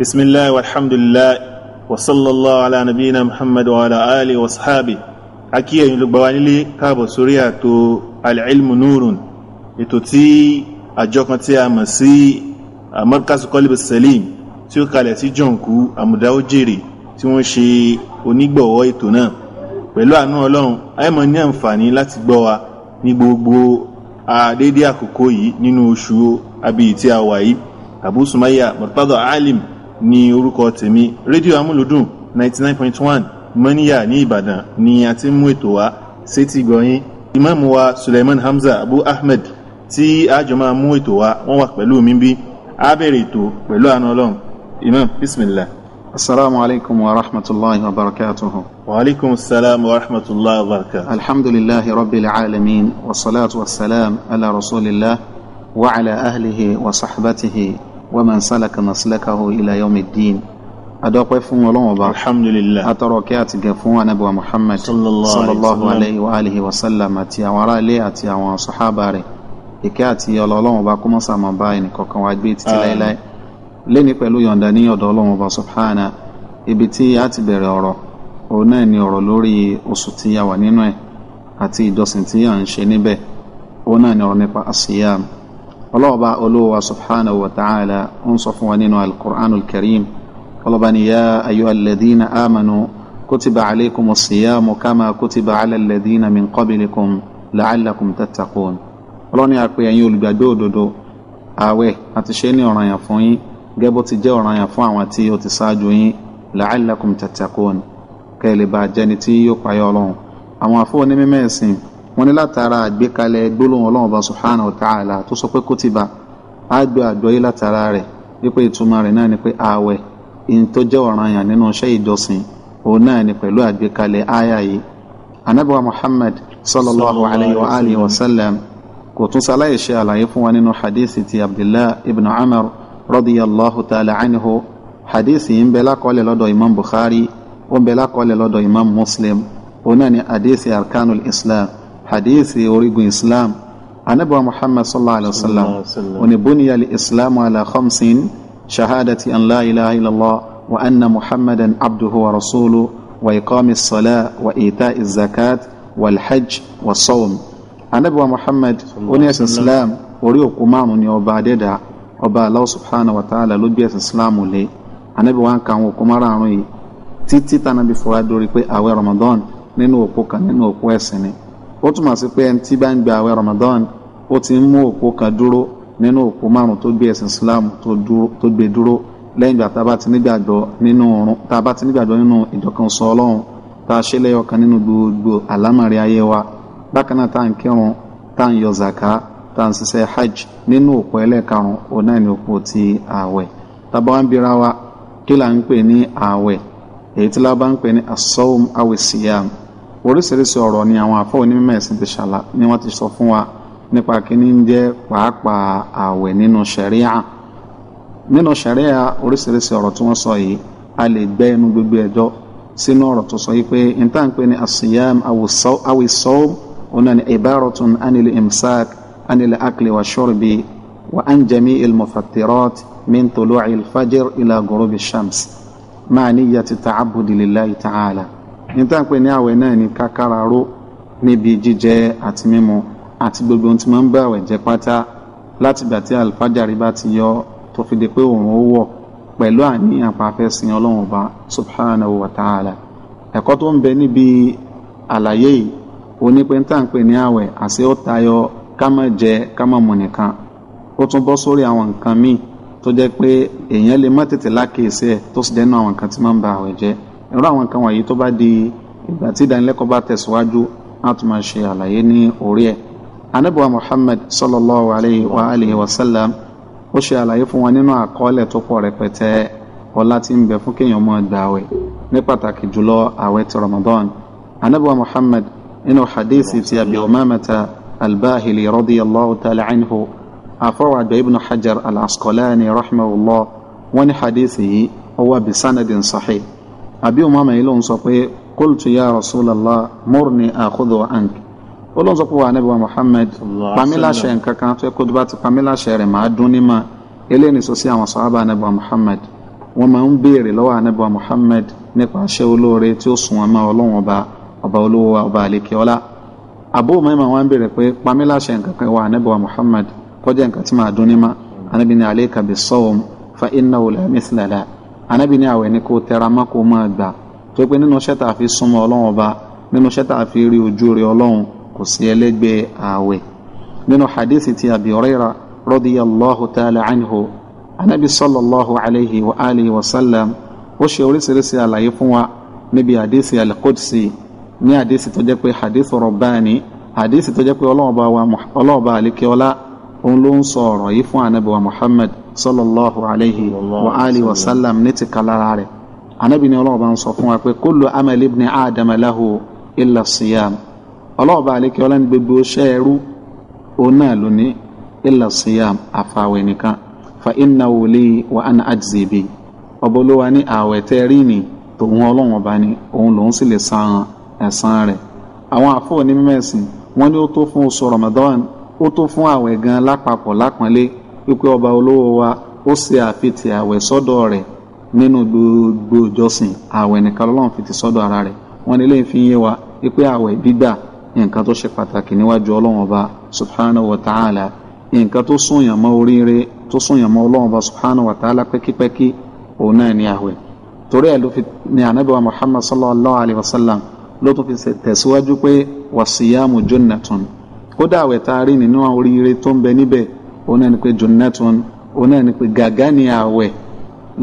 بسم الله والحمد لله وصلى الله على نبينا محمد وعلى آله وصحابه akíyè yìí ló gba wa nílé káàbọ̀ sórí àtò alilmu nurun ètò tí àjọ kan tí a mọ̀ sí amarkasu kọlíbi salim tí ó kalẹ̀ sí jọǹkú àmùdáwó jèrè tí wọ́n ṣe onígbọ̀wọ́ ètò náà pẹ̀lú àánú ọlọ́run àìmọ̀ ní àǹfààní láti gbọ́ wa ní gbogbo àdédé àkókò yìí nínú oṣù abiyì tí a wà yìí abu sumayya murtada alim ní orúkọ tèmi rédíò amúlùdùn ninety nine point one mọ́níyà ní ìbàdàn ni a ti ń mú ètò wá sétí gbọ̀nyìn ìmáàmù wa suleiman hamza abu ahmed tí àjọ máa mú ètò wá wọ́n wà pẹ̀lú mi bí a bẹ̀rẹ̀ ètò pẹ̀lú àna ọlọ́run imam bismillah. asalaamu alaykum wa rahmatulahi wa barakatuhu. wa alaykum salaam wa rahmatulahi wa barakatuhu. alhamdulilahi rabbil alamin wa salatu wa salaam ala rasulillah wa ala ahlihi wa sahbatihi wa man salaka maslakahu ila yawmi ddin adọ́pẹ́ fún ọlọ́run ọba alhamdulillah atọ́rọ̀ kí àti gẹ̀ fún anábìwá muhammad sallallahu alayhi wa alihi wa sallam àti àwọn aráalé àti àwọn sàhábà rẹ̀ ìkẹ́ àti ọlọ́run ọba kó mọ́sá máa bá ẹnì kọ̀ọ̀kan wá gbé títí láéláé pẹ̀lú yọ̀ǹda ní ọ̀dọ̀ ọlọ́run ọba subhana ibi tí a ti bẹ̀rẹ̀ ọ̀rọ̀ òun náà ni ọ̀rọ̀ ọlọ́ọ̀bá olówó subhanahu wa ta'ala ń sọ fún wa nínú alukur'an alkarim ọlọ́ba ni yá ayọ́ alẹ́dínà àmànú kutiba aleikum siyamu kama kutiba alẹ́dínà min qablikum la'allakum tattaqun ọlọ́ni àpè ẹ̀yin olùgbàgbọ́ òdodo ààwẹ̀ àti ṣe ní ọ̀ranyàn fún yín gẹ́gẹ́ bó ti jẹ́ ọ̀ranyàn fún àwọn tí ó ti ṣáájú yín la'allakum tattaqun kẹ́ ẹ lè bá jẹ́ni tí yóò payọ́ ọlọ́run àwọn àfọwọ́ wọ́n ní látara àgbékalẹ̀ gbólóhùn ọlọ́run bá subhanahu wa ta'ala tó sọ pé kútìbà á gbé àgbọ́yé látara rẹ̀ wípé ìtumọ̀ rẹ̀ náà ni pé ààwẹ̀ ìyìn tó jẹ́ ọ̀ranyàn nínú iṣẹ́ ìjọsìn òun náà ni pẹ̀lú àgbékalẹ̀ àyà yìí anabiwa muhammad sallallahu alayhi wa alihi wa sallam kò tún sáláyè ṣe àlàyé fún wa nínú hadithi ti abdullah ibn umar radiyallahu ta'ala anhu hadithi yìí ń bẹ lákọọ́lẹ̀ lọ́dọ̀ imam bukhari ó ń bẹ lákọọ́lẹ̀ lọ́dọ̀ imam muslim òun náà ni hadithi arkanul islam hadithi origun islam anabawa muhammad sallallahu alaihi wasallam wani buniya li islam ala khamsin shahadati an la ilaha illallah wa anna muhammadan abduhu wa rasuluhu wa iqami as-salah wa ita'i az-zakat wal hajj wa sawm anabawa muhammad wani ẹ̀sìn islam orí òkú márùn ni ọba adẹ́dà ọba Allah subhanahu wa ta'ala ló gbé ẹ̀sìn islam lé anabi wa ń ka àwọn òkú márùn yìí títí tànàbí fọwọ́ dórí ramadan nínú òkú kan nínú òkú ẹ̀sìn ó túmọ̀ sí pé ẹni tí bá ń gba àwẹ̀ Ramadan ó ti ń mú òpó kan dúró nínú òpó márùn tó gbé ẹ̀sìn Islam tó gbé dúró lẹ́yìn ìgbà tá a bá ti nígbàgbọ́ nínú ọ̀run tá a bá ti nígbàgbọ́ nínú ìjọkan sọ Ọlọ́run tá a ṣe lẹ́yọ̀kan nínú gbogbo àlámọ̀rí ayé wa bákan náà tá à ń kírun tá à ń yọ zaka tá à ń ṣiṣẹ́ hajj nínú òpó ẹlẹ́ẹ̀karùn-ún náà ní òpó ti ààwẹ̀ tábà wá ń bira wa kí là ń pè ní ààwẹ̀ èyí tí lábá ń pè ní asọ́wọ́m awẹ́síyàmù oríṣiríṣi ọ̀rọ̀ ni àwọn àfọ onímọ̀ ẹ̀sìn ti ṣàlà ni wọ́n ti sọ fún wa nípa kíní ń jẹ́ pàápàá ààwẹ̀ nínú ṣẹ̀ríà nínú ṣẹ̀ríà oríṣiríṣi ọ̀rọ̀ tí wọ́n sọ yìí a lè gbẹ́ inú gbogbo ẹjọ́ sínú ọ̀rọ̀ tó sọ yìí pé níta ń pè ní asiyam awisawm ona ni ibaratun anil imsak anil akli wa shurbi wa an jami min tuluci il ila gurubi shams maaniya ti tacabudi lillahi tacaala nítàpé ní àwẹ̀ náà ní kákára ró níbi jíjẹ àti mímu àti gbogbo ohun tí máa ń bá àwẹ̀ jẹ́ pátá látìgbà tí àlùfájàrí bá ti yọ tó fi di pé òun ó wọ̀ pẹ̀lú àníyàn pàfẹ́ sin ọlọ́run ọba subhanahu wa ta'ala ẹ̀kọ́ tó ń bẹ níbi àlàyé yìí onípe ń tàǹpẹ̀ ní àwẹ̀ àti ó tayọ ká jẹ ká má nìkan ó tún bọ́ sórí àwọn nǹkan míì tó jẹ́ pé èèyàn lè má tètè lákèésí ẹ̀ tó sì dẹ́nu àwọn nǹkan tí máa ń ba àwẹ̀ jẹ́ irú àwọn nǹkan wọ̀nyí tó bá di ìgbà tí ìdánilẹ́kọ̀ọ́ bá tẹ̀síwájú á tún máa ṣe àlàyé ní orí ẹ̀ anábìwá Muhammad sallallahu alayhi wa alihi wa sallam ó ṣe àlàyé fún wa nínú àkọọ́lẹ̀ tó pọ̀ rẹpẹtẹ ọlá tí ń bẹ fún kéèyàn máa gba àwẹ̀ ní pàtàkì jùlọ àwẹ̀ ti Ramadan anábìwá Muhammad nínú hadisi ti Abi Umamata al-Bahili ta'ala anhu àfọwọ́ ibn Hajar al-Asqalani rahimahullah wọ́n ní hadisi yìí ó wà bí sahih àbí umama yìí ló ń sọ pé qultu ya rasulallah murni akhudhu anki ó ló ń sọ pé wà níbi wa muhammed pamiláṣẹ nǹkan kan tó yẹ kó bá ti pamiláṣẹ rẹ̀ máa dún ní ma eléyìí ní sọ sí àwọn sàhábà níbi wa muhammed wọ́n máa ń béèrè lọ́wọ́ níbi wa muhammed nípa aṣẹ olóore tí ó sùn wọn máa ọlọ́run ọba ọba olówó ọba àlekè ọlá àbó mẹ́mà wọn béèrè pé pamiláṣẹ nǹkan kan wà anábì ní àwẹ̀ ni kò tẹra mọ́ kó máa gbà tó pé nínú iṣẹ́ tá a fi súnmọ́ ọlọ́run ọba nínú iṣẹ́ tá a fi rí ojú rẹ ọlọ́run kò sí ẹlẹ́gbẹ́ àwẹ̀ nínú hadithi ti Abi Huraira radiyallahu ta'ala anhu anábì sallallahu alayhi wa alihi wa sallam ó ṣe oríṣiríṣi àlàyé fún wa níbi hadithi al-Qudsi ní hadithi tó jẹ́ pé hadithi rabbani hadithi tó jẹ́ pé ọlọ́run ọba àlékè òun ló ń sọ ọ̀rọ̀ yìí fún anábì wa Muhammad sallallahu alayhi wa alihi wa sallam ní ti kalára rẹ̀ anabi ni ọlọ́ọ̀bá ń sọ fún wa pé kullu amali ibni adam lahu illa siyam ọlọ́ọ̀bá àlékè ọlá ní gbogbo ṣẹ́ ẹrú òun náà ló ní illa siyam àfàwẹ̀ nìkan fa innahu li wa ana ajzi bi ọbọlówà ní ààwẹ̀ tẹ́ ni tòun ọlọ́run ọba ni òun lòun sì lè san ẹ̀san rẹ̀ àwọn àfọwọ́ ní mímẹ́sìn wọ́n ní ó tó fún oṣù ramadan ó tó fún ààwẹ̀ gan lápapọ̀ lápọ́nlé wípé ọba olówó wa ó ṣe àfitì àwẹ̀ sọ́dọ̀ rẹ̀ nínú gbogbo ìjọsìn àwẹ̀ nìkan lọ́lọ́run fi ti sọ́dọ̀ ara rẹ̀ wọ́n ní lẹ́yìn fi yé wa wípé àwẹ̀ gbígbà nǹkan tó ṣe pàtàkì níwájú ọlọ́run ọba subhanahu wa ta'ala nǹkan tó súnyàn mọ́ oríire tó súnyàn mọ́ ọlọ́run ọba subhanahu wa ta'ala pẹ́kípẹ́kí òun náà ní àwẹ̀ torí ẹ̀ ló fi ní ànábì wa muhammad sallallahu alayhi wa sallam ló tún fi tẹ̀síwájú pé wàsíyàmù jannatun kódà àwẹ̀ tá a rí nínú àwọn oríire tó ń bẹ níbẹ̀ òun náà ni pé junnatun òun náà ni pé gàgá ni àwẹ̀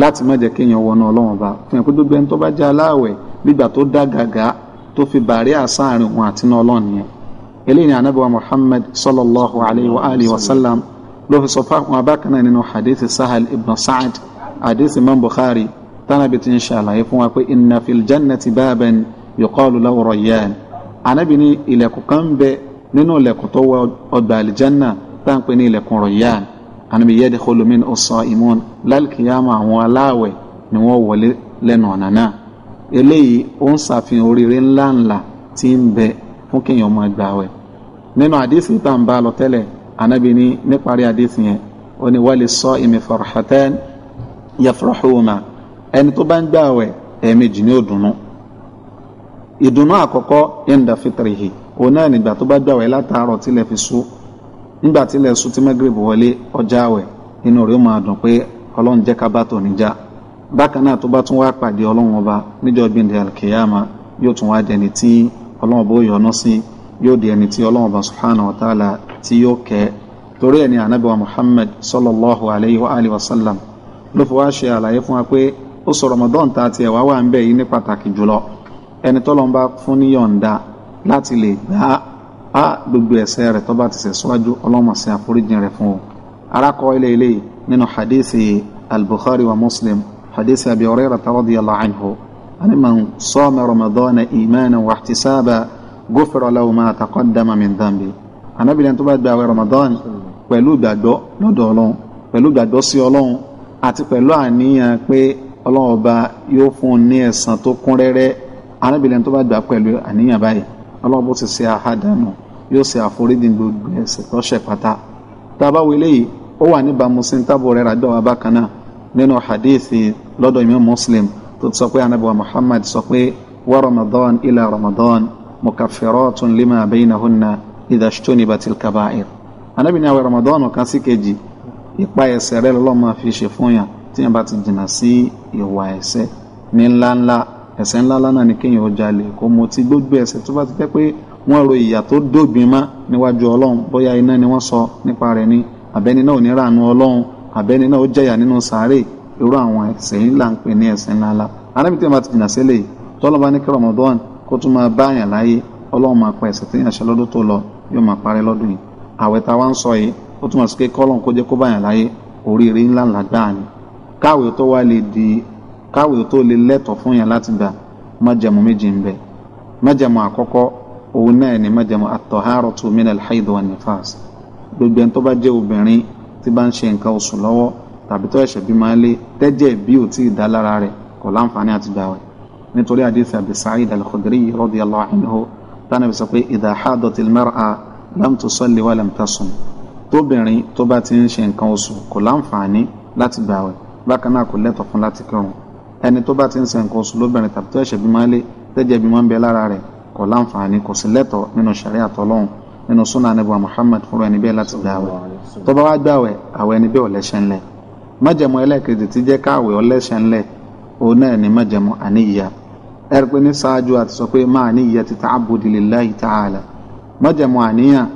láti má jẹ́ kéèyàn wọnú ọlọ́run bá fi hàn pé gbogbo ẹni tó bá jẹ́ aláwẹ̀ gbígbà tó dá gàgá tó fi bàárẹ̀ àsáàrin òun àti iná ọlọ́run yẹn eléyìí ni anábìwá muhammad sallallahu alayhi wa alihi wa sallam ló fi sọ fáwọn abákanná nínú hadith sahal ibn sa'ad hadith imam bukhari tánàbí ti ń ṣàlàyé fún wa pé inna fil jannati baaban yuqalu lahu rayyan anábì ní kan bẹ nínú ilẹ̀kùn tó wọ ọgbà àlìjánná táǹpẹ́ ní ilẹ̀kùn rọ̀yàn ànàbí yẹ́dẹ̀ kọlùmín ọ̀sán ìmọ̀n lálùkìyàmọ̀ àwọn aláàwẹ̀ ni wọ́n wọlé lẹ́nu ọ̀nà náà eléyìí ó ń ṣàfihàn oríire ńláńlá tí ń bẹ fún kéèyàn máa gbààwẹ̀ nínú àdéhùn tá à ń bá lọ tẹ́lẹ̀ ànàbí ní níparí àdéhùn yẹn ó ní wálé sọ ìmì farahatan yafrahuma ẹni tó bá ń gbààwẹ̀ ẹ̀ẹ̀mejì ní òdùnnú ìdùnnú àkọ́kọ́ inda fitrihi òun náà nígbà tó bá gbààwẹ̀ látàárọ̀ tilẹ̀ fi sùn nígbà tí ilẹ̀ sùn tí magrib wọlé ọjà àwẹ̀ nínú rẹ̀ ó máa dùn pé ọlọ́run jẹ́ ká bá tò níjà bákan náà tó bá tún wá pàdé ọlọ́run ọba níjọ́ gbìndé alkiyama yóò tún wá di ẹni tí ọlọ́run ọba ó yọ́nú sí yóò di ẹni tí ọlọ́run ọba subhanahu wa ta'ala tí yóò kẹ́ torí ẹni ànábì wa muhammad sallallahu alayhi wa alihi wa sallam ló fi wá ṣe àlàyé fún wa pé ó sọ ramadan ta tiẹ̀ wá wà ń bẹ̀ yìí ní pàtàkì jùlọ ẹni tọ́lọ́run fún níyọ̀ǹda láti lè gbà á a gbogbo ẹ̀ṣẹ̀ rẹ̀ tó bá ti ṣẹ̀ síwájú ọlọ́mọ sí àforíjìn rẹ̀ fún o arákọ ilé ilé nínú hadithi al-bukhari wa muslim hadithi abi hurayrata radiyallahu anhu ani man sama ramadana imanan wa ihtisaba gufira lahu ma taqaddama min dhanbi anábìrin tó bá gba ramadan pẹ̀lú ìgbàgbọ́ lọ́dọ̀ ọlọ́run pẹ̀lú sí ọlọ́run àti pẹ̀lú àníyàn pé ọlọ́run ọba yóò fún un ní ẹ̀san tó kún rẹ́rẹ́ anábìrin tó bá gbà pẹ̀lú àníyàn báyìí ọlọ́run bó ti ṣe àhádànù yóò ṣe àforíjì gbogbo ẹ̀ṣẹ̀ tó ṣẹ̀ pátá tá a bá wọlé yìí ó wà níbàámu sí ní tábù rẹ̀ ràgbà wà bákan náà nínú hadithi lọ́dọ̀ Imam Muslim tó ti sọ pé anabi Muhammad sọ pé wa Ramadan ila Ramadan mukaffiratun lima baynahunna idha ijtunibatil kaba'ir anabi ní àwẹ̀ Ramadan kan sí kejì ìpa ẹ̀ṣẹ̀ rẹ̀ lọ́lọ́ máa fi ṣe fún yàn tí yàn bá ti jìnnà sí ìwà ẹ̀ṣẹ̀ ní ńláńlá ẹ̀ṣẹ̀ ńláńlá náà ni kéèyàn ó jalè kó mutí gbogbo ẹ̀ṣẹ̀ tó bá ti jẹ́ pé wọ́n ro ìyà tó dógbin mọ́ níwájú ọlọ́run bóyá iná ni wọ́n sọ nípa rẹ̀ ni àbẹ́ni náà ò ní ràánú ọlọ́run àbẹ́ni náà ó jẹ̀yà nínú sàárè irú àwọn ẹ̀ṣẹ̀ yìí là ń pè ní ẹ̀ṣẹ̀ ńláńlá arábìtì máa ti jìnnà sílẹ̀ tọ́lọ́ba ní kí Ramadan kó tún máa bá àyàn láyé ọlọ́run máa pa ẹ̀ṣẹ̀ téèyàn ṣe lọ́dún tó lọ yóò máa parẹ́ lọ́dún yìí àwẹ̀ tá a wá ń sọ yìí ó túmọ̀ sí pé kọ́lọ́n kó jẹ́ kó bá àyàn láyé oríire ńlá ńlá gbáà ni káwé tó wá lè di káwé tó lè lẹ́tọ̀ọ́ fún yàn láti gbà májẹ̀mú méjì ń bẹ májẹ̀mú àkọ́kọ́ òun náà ni májẹ̀mú at-taharatu min al-hayd wa nifas gbogbo ẹni tó bá jẹ́ obìnrin tí bá ń ṣe nǹkan oṣù lọ́wọ́ tàbí tó ẹ̀ṣẹ̀ bí máa lé tẹ́jẹ̀ bí ò tí ì dá lára rẹ̀ kò láǹfààní àti gbààwẹ̀ nítorí àdìsí Abi Sa'id al-Khudri radiyallahu anhu tánà bí sọ pé idha hadatil mar'a lam tusalli wa lam tasum tóbìnrin tó bá ti ń ṣe nǹkan oṣù kò láǹfààní láti gbààwẹ̀ bákan náà kò lẹ́tọ̀ fún láti kírun ẹni tó bá ti ń ṣe nǹkan oṣù lóbìnrin tàbí tó ẹ̀ṣẹ̀ bí máa lé tẹ́jẹ̀ bí máa ń bẹ lára rẹ̀ kò láǹfààní kò sí lẹ́tọ̀ nínú ṣàríà Ọlọ́hun nínú súnà anábọ̀ Muhammad fúnra ẹni bẹ́ẹ̀ láti gbààwẹ̀ tó bá wá gbààwẹ̀ àwọn ẹni bẹ́ẹ̀ ọ̀lẹ́ṣẹ̀ ńlẹ̀ májẹ̀mú ẹlẹ́ẹ̀kejì ti jẹ́ káàwẹ̀ ọ̀lẹ́ṣẹ̀ ńlẹ̀ òun náà ni májẹ̀mú àníyà ẹ̀rí pé ní ṣáájú àti sọ pé máa níyà ti ta'abbudi lillahi ta'ala májẹ̀mú àníyàn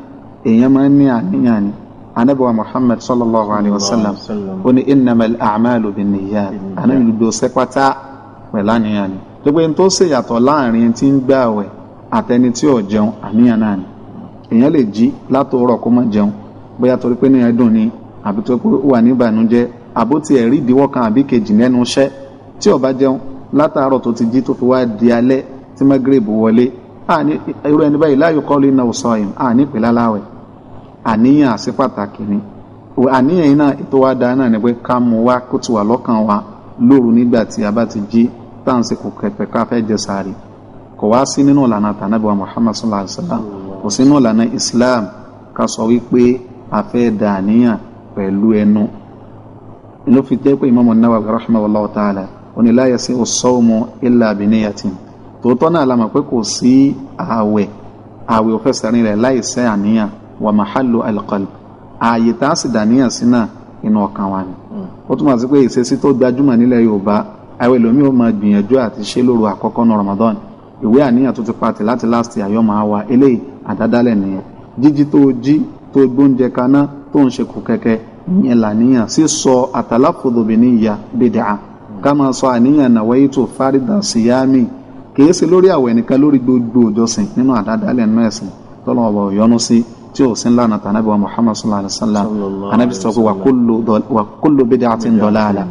èèyàn máa ń ní àníyàn ni anabiwa muhammad sallallahu alayhi wa sallam ó ní innamal a'malu binniyat anabi gbogbo sẹpátá pẹ̀lú àníyàn ni gbogbo ẹni tó ṣèyàtọ̀ láàrin tí ń gbààwẹ̀ àtẹni tí ò jẹun àníyàn náà ni èèyàn lè jí látòórọ̀ kó má jẹun bóyá torí pé níyàn dùn ni àbí tó pé ó wà ní ìbànújẹ́ àbó tiẹ̀ rí ìdíwọ́ kan àbí kejì lẹ́nu iṣẹ́ tí ò bá jẹun látàárọ̀ tó ti jí tó fi wá di alẹ́ tí magrib wọlé àní irú ẹni báyìí láàyò kọ́lé náà sọ yìí àní pèlá láwẹ̀ àníyàn àṣẹ pàtàkì ni àníyàn yìí náà ètò wa ni pé ká mú wa kó ti wà lọ́kàn wa lóru nígbà tí a bá ti jí táǹsì kò kẹ̀kẹ́ ká jẹ sàárì kò wá sí nínú ìlànà tànàbíwá Muhammad sallallahu alayhi wa sallam kò sí nínú ìlànà Islam ká sọ wípé a fẹ́ dà níyàn pẹ̀lú ẹnu ló fi jẹ́ pé Imam Nawawi rahimahullahu ta'ala oní la yasi'u as-sawmu illa bi niyatin tòótọ́ náà la mọ̀ pé kò sí ààwẹ̀ ààwẹ̀ ò fẹsẹ̀ rìn rẹ̀ láì sẹ́ àníyàn wa mahallu al-qalb ààyè tá a sì dàníyàn sí náà inú ọkàn wa ni ó túmọ̀ sí pé ìṣesí tó gbajúmọ̀ nílẹ̀ Yorùbá àwọn ẹlòmíì ó máa gbìyànjú àti ṣe lóru àkọ́kọ́ ní Ramadan ìwé àníyàn tó ti patì láti last year yọ máa wà eléyìí àdádálẹ̀ nìyẹn jíjí tó jí tó gbóúnjẹ kaná tó ń ṣe kù kẹ̀kẹ́ ìyẹn làníyàn sísọ àtàláfòdòbìnrin ìyá bìdà ká máa sọ àníyàn nawaitu fárídà síyámì kìí ṣe lórí àwẹ̀ nìkan lórí gbogbo òjọsìn nínú àdádálẹ̀ nínú ẹ̀sìn tọ́lọ́wọ́ ọ̀yọ́nú sí tí ò sí ńlànà tà nàbí wa muhammad sallallahu alayhi wa sallam anabi sọ pé wa kullu bid'atin dalala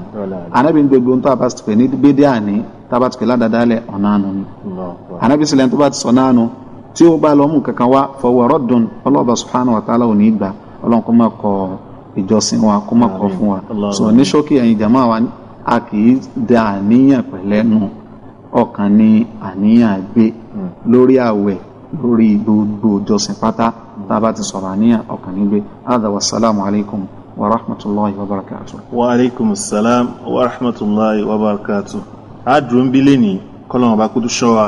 anabi ń gbogbo tó a bá sọ̀kè ní bídíà ní tá a bá sọ̀kè ládàá lẹ̀ ọ̀nà àná ni anabi sílẹ̀ tó bá ti sọ̀ náà nù tí ó bá lọ́mú kankan wá fọwọ́ rọ́dùn ọlọ́ọ̀bà subhanahu wa ta'ala ò gbà ọlọ́run kó má ìjọsìn wa kó má kọ fún wa so ní ṣókí ẹ̀yin jàmá wa a kì da àníyàn pẹ̀lẹ́ nù ọkàn ni àníyàn gbé hmm. lórí àwẹ̀ lórí gbogbo ìjọsìn pátá tábà ti sọ̀rọ̀ àníyàn ọkàn nígbé adà wasalaamu alaykum wa rahmatulahi wa barakatu. wa aleykum salaam wa rahmatulahi wa barakatu. a dúró ń bí lẹ́nìí kọ́lọ́mù bá kútu ṣọ́ wa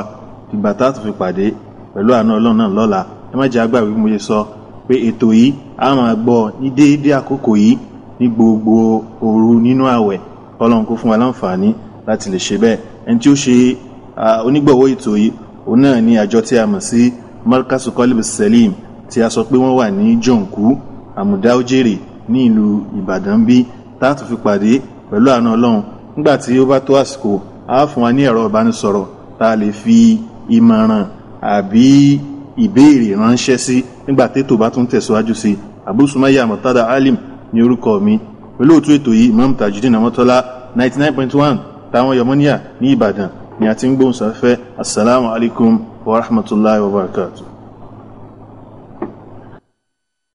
ìgbà tá a tún fi pàdé pẹ̀lú àánú ọlọ́run náà lọ́la ẹ má jẹ́ àgbà wí mo ṣe sọ pé ètò yìí a máa gbọ́ ní déédéé àkókò yìí ní gbogbo òru nínú àwẹ̀ kọ́lọ́mù kó fún wa láǹfààní láti lè ṣe bẹ́ẹ̀ ẹni tí ó ṣe onígbọ̀wọ́ ètò yìí òun náà ni àjọ tí a mọ̀ sí markasu kọ́líbù sẹ́líìmù tí a sọ pé wọ́n wà ní jọǹkú àmùdá òjèrè ní ìlú ìbàdàn bí táàtù fi pàdé pẹ̀lú àna ọlọ́run nígbà tí ó bá tó àsìkò á fún wa ní ẹ̀rọ ìbánisọ̀rọ̀ tá a lè fi ìmọ̀ràn àbí ìbéèrè ránṣẹ́ sí nígbà tètò bá tún tẹ̀síwájú sí Abu Sumayya Murtada Alim ní orúkọ mi pẹ̀lú òtún ètò yìí Imam Tajudeen Ọmọ́tọ́lá ninety nine point one táwọn yọmọ́níyà ní ìbàdàn ni a ti ń gbóhùn sáfẹ́ assalamu alaikum wa rahmatulahi wa barakatuh.